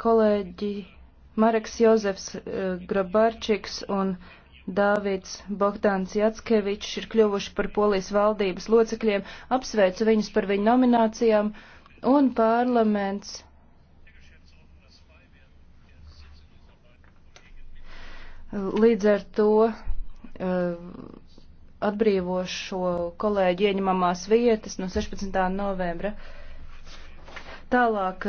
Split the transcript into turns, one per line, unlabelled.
kolēģi Mareks Jozefs eh, Grabarčiks un Dāvids Bohdāns Jackevičs ir kļuvuši par polijas valdības locekļiem. Apsveicu viņus par viņu nominācijām un parlaments. Līdz ar to eh, atbrīvo šo kolēģi ieņemamās vietas no 16. novembra. Tālāk